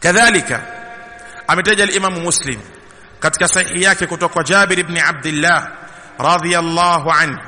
kadhalika ametaja al-Imam Muslim katika sahihi yake kutoka kwa Jabir ibn Abdullah radhiyallahu an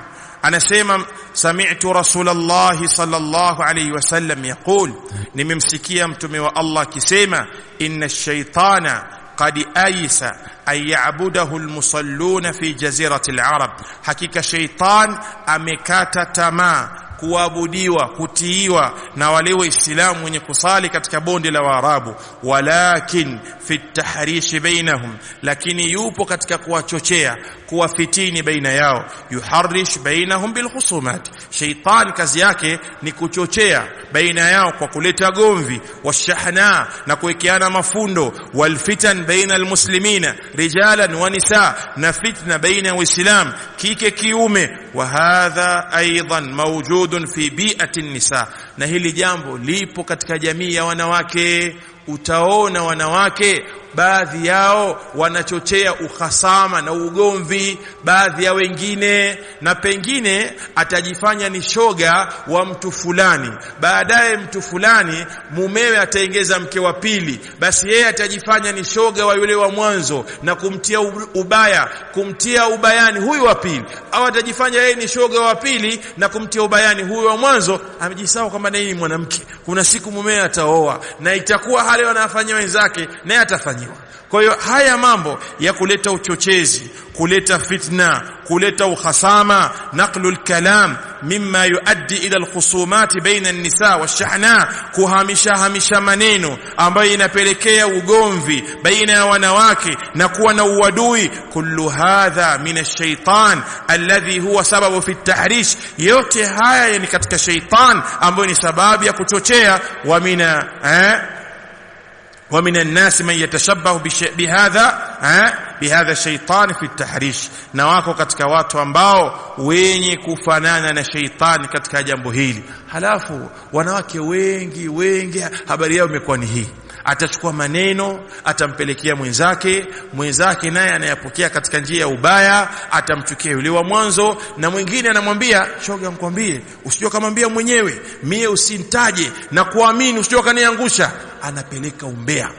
anasema sami'tu rasulullah sallallahu alayhi wasallam yaqul nimemsikia mtume wa Allah akisema inna ash-shaytana qad aysa an ya'budahu al-musalluna fi jazirati al-arab hakika shaytan amekata tamaa kuabudiwa, kutiiwa na wale Waislamu wenye kusali katika bonde la Waarabu, walakin fi tahrishi bainahum, lakini yupo katika kuwachochea kuwafitini baina yao. Yuharish bainahum bilhusumat, shaitan kazi yake ni kuchochea baina yao kwa kuleta gomvi. Washahna, na kuwekeana mafundo. Walfitan baina almuslimina rijalan wa nisa, na fitna baina ya Uislam kike kiume. Wa hadha aidan mawjudun fi biati nisa, na hili jambo lipo katika jamii ya wanawake utaona wanawake baadhi yao wanachochea uhasama na ugomvi baadhi ya wengine, na pengine atajifanya ni shoga wa mtu fulani, baadaye mtu fulani mumewe ataengeza mke wa pili, basi yeye atajifanya ni shoga wa yule wa mwanzo na kumtia ubaya, kumtia ubayani huyu wa pili, au atajifanya yeye ni shoga wa pili na kumtia ubayani huyu wa mwanzo. Amejisahau kwamba naye ni mwanamke, kuna siku mumewe ataoa na itakuwa hali wanafanyia wenzake naye atafanya kutarajiwa. Kwa hiyo haya mambo ya kuleta uchochezi, kuleta fitna, kuleta uhasama, naqlu lkalam mima yuaddi ila lkhusumati baina nisa washahna, kuhamisha hamisha maneno ambayo inapelekea ugomvi baina ya wanawake na kuwa na uadui. Kullu hadha min alshaitan alladhi huwa sababu fi tahrish, yote haya ni katika shaitan ambayo ni sababu ya kuchochea wa mina eh? ومن الناس من يتشبه بهذا بهذا الشيطان في التحريش نواكو كتك واتو امباو ويني كفنانا شيطان كتك جنبو هيلي حلافو ونواكي وينجي وينجي هبريو مكوني هي atachukua maneno atampelekea mwenzake, mwenzake naye anayapokea katika njia ya ubaya, atamchukia yule wa mwanzo, na mwingine anamwambia shoga, mkwambie usijua kamwambia mwenyewe, mie usintaje na kuamini, usijua kaniangusha. Anapeleka umbea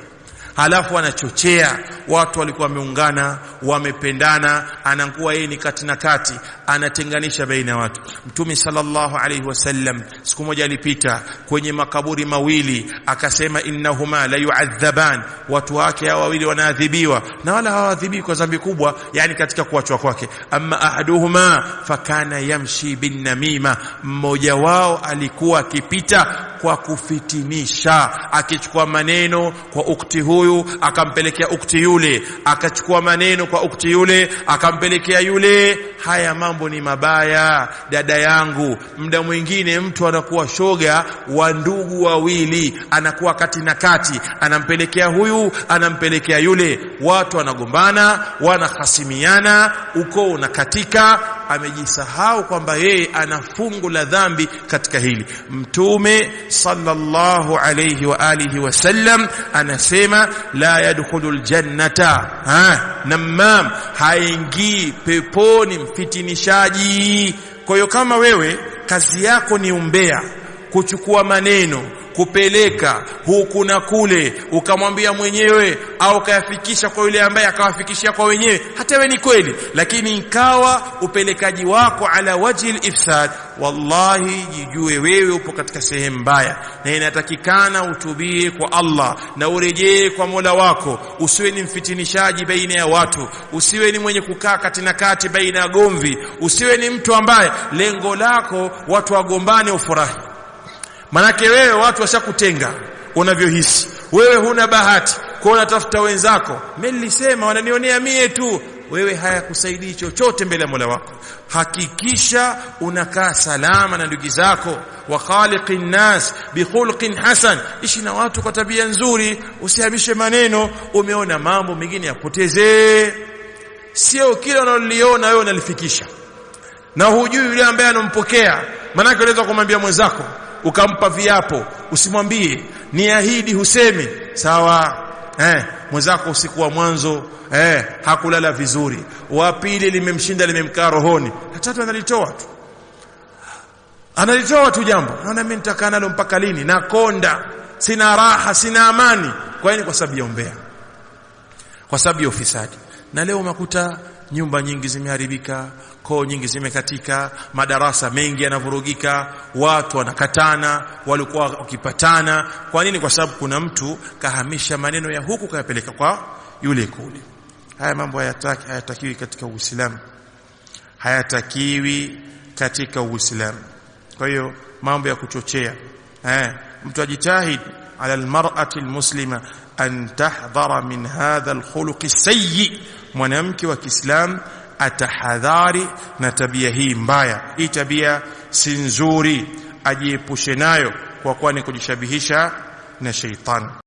halafu anachochea watu walikuwa wameungana wamependana, anakuwa yeye ni kati na kati, anatenganisha baina ya watu. Mtume sallallahu alaihi wasallam siku moja alipita kwenye makaburi mawili akasema, innahuma la yuadhaban, watu wake hawa wawili wanaadhibiwa, na wala hawaadhibiwi kwa dhambi kubwa, yani katika kuachwa kwake. Amma ahaduhuma fakana yamshi bin namima, mmoja wao alikuwa akipita kwa kufitinisha, akichukua maneno kwa ukti huyu akampelekea ukti yule, akachukua maneno kwa ukti yule akampelekea yule. Haya mambo ni mabaya, dada yangu. Muda mwingine mtu anakuwa shoga wa ndugu wawili, anakuwa kati na kati, anampelekea huyu, anampelekea yule, watu wanagombana, wanahasimiana, ukoo unakatika amejisahau kwamba yeye ana fungu la dhambi katika hili. Mtume sallallahu alayhi wa alihi wasallam anasema la yadkhulul jannata ha namam, haingii peponi mfitinishaji. Kwa hiyo kama wewe kazi yako ni umbea kuchukua maneno kupeleka huku na kule, ukamwambia mwenyewe au ukayafikisha kwa yule ambaye akawafikishia kwa wenyewe, hata we ni kweli, lakini ikawa upelekaji wako ala wajhi lifsad, wallahi, jijue wewe upo katika sehemu mbaya, na inatakikana utubie kwa Allah na urejee kwa mola wako. Usiwe ni mfitinishaji baina ya watu, usiwe ni mwenye kukaa kati na kati baina ya gomvi, usiwe ni mtu ambaye lengo lako watu wagombane ufurahi manake wewe watu washakutenga unavyohisi wewe huna bahati kwa unatafuta wenzako mimi nilisema wananionea mie tu wewe hayakusaidii chochote mbele ya Mola wako hakikisha unakaa salama na ndugu zako wa khaliqin nas khulqin hasan ishi na watu kwa tabia nzuri usihamishe maneno umeona mambo mengine yapoteze sio kila unaloliona wewe unalifikisha na hujui yule ambaye anampokea manake unaweza kumwambia mwenzako ukampa viapo, usimwambie niahidi, husemi sawa. Eh, mwenzako usiku wa mwanzo eh, hakulala vizuri, wa pili limemshinda, limemkaa rohoni, tatu analitoa tu, analitoa tu jambo, naona mimi nitakaa nalo mpaka lini? Nakonda, sina raha, sina amani. Kwa nini? Kwa sababu ya umbea, kwa sababu ya ufisadi. Na leo umekuta nyumba nyingi zimeharibika, koo nyingi zimekatika, madarasa mengi yanavurugika, watu wanakatana, walikuwa wakipatana. Kwa nini? Kwa sababu kuna mtu kahamisha maneno ya huku kayapeleka kwa yule kule. Haya mambo hayataki, hayatakiwi katika Uislamu, hayatakiwi katika Uislamu. Kwa hiyo mambo ya kuchochea eh, mtu ajitahid ala almar'ati almuslima an tahdhara min hadha alkhuluqi sayyi mwanamke wa Kiislamu atahadhari na tabia hii mbaya. Hii tabia si nzuri, ajiepushe nayo, kwa kuwa ni kujishabihisha na sheitani.